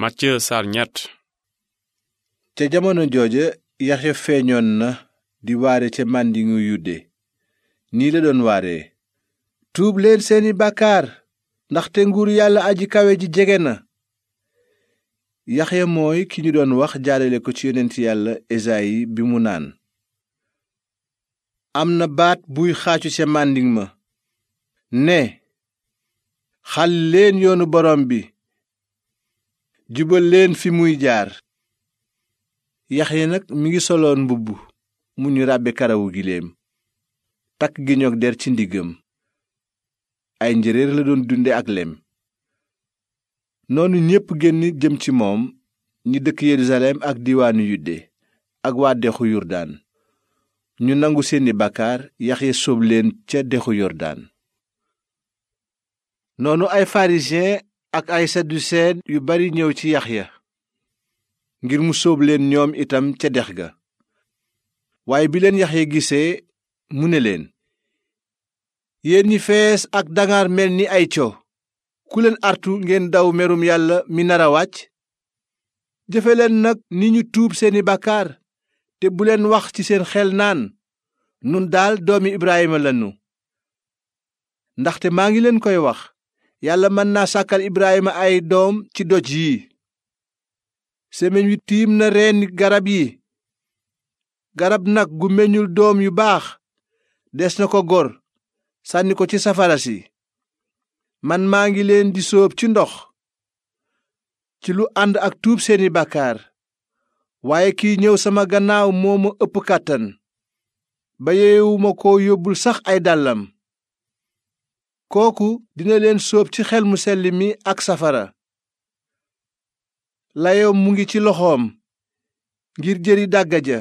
Mathieu saar ñett ca jamono jooja Yaxya feeñoon na di waare ca màndingu Yude nii la doon waaree tuub leen seeni bàkkaar ndaxte nguur yàlla aji kawe ji jege na Yaxya mooy ki ñu doon wax jaalale ko ci yonent yàlla Esayi bi mu naan am na baat buy xaacu ca mànding ma ne xal leen yoonu borom bi jubal leen fi muy jaar yax yi nag mi ngi soloon mbubb mu ñu ràbbi karawu giléem takk giñoog der ci ndiggam ay njéréer la doon dunde ak lem noonu ñépp génn jëm ci moom ñi dëkk yerusalem ak diiwaanu yudde ak waa dexu yordaan ñu nangu seeni bàkkaar yaxya sóob leen ca dexu yordaan noonu ak ay sadduseen yu bari ñëw ci yax ya ngir mu sóob leen ñoom itam ca dex ga waaye bi leen yaxya gisee mu ne leen yéen ñi fees ak dangaar mel ni ay co ku leen artu ngeen daw merum yàlla mi nar a wàcc jëfe leen nag ni ñu tuub seeni bàkkaar te bu leen wax ci seen xel naan nun daal doomi ibrahima lanu ndaxte maa ngi leen koy wax yàlla mën naa sàkkal Ibrahima ay doom ci doj yi semeñ wi tiim na reeni garab yi garab nag gu meñul doom yu baax des na ko gor sànni ko ci safara si man maa ngi leen di soob ci ndox ci lu ànd ak tuub seeni bàkkaar waaye kiy ñëw sama gannaaw moo ëpp kàttan ba yeewuma ko yóbbul sax ay dàllam kooku dina leen sóob ci xel mu sell mi ak safara layoom mu ngi ci loxoom ngir jëri dàgga ja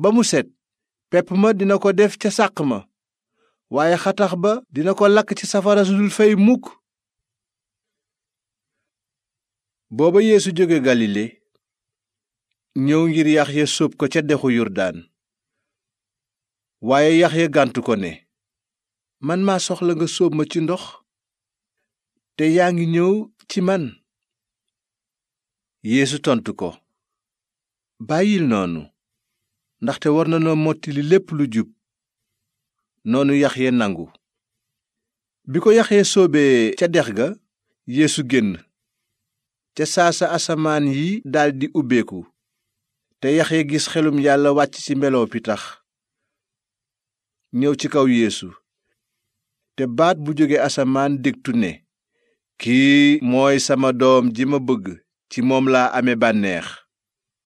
ba mu set pepp ma dina ko def ca sàq ma waaye xatax ba dina ko lakk ci safara su dul fey mukk booba yéesu jóge galile ñëw ngir yaxya sóob ko ca dexu yurdaan waaye yaxya gàntu ko ne man maa soxla nga sóob ma ci ndox te yaa ngi ñëw ci man yéesu tontu ko bàyyil noonu ndaxte war na noo mottali lépp lu jub noonu yaxye nangu bi ko yaxee sóobee ca dex ga yéesu génn ca saasa asamaan yi daldi ubbiku te yaxye gis xelum yàlla wàcc ci melo pitax ñëw ci kaw yéesu te baat bu jóge asamaan dégtu ne kii mooy sama doom ji ma bëgg ci moom laa ame bànneex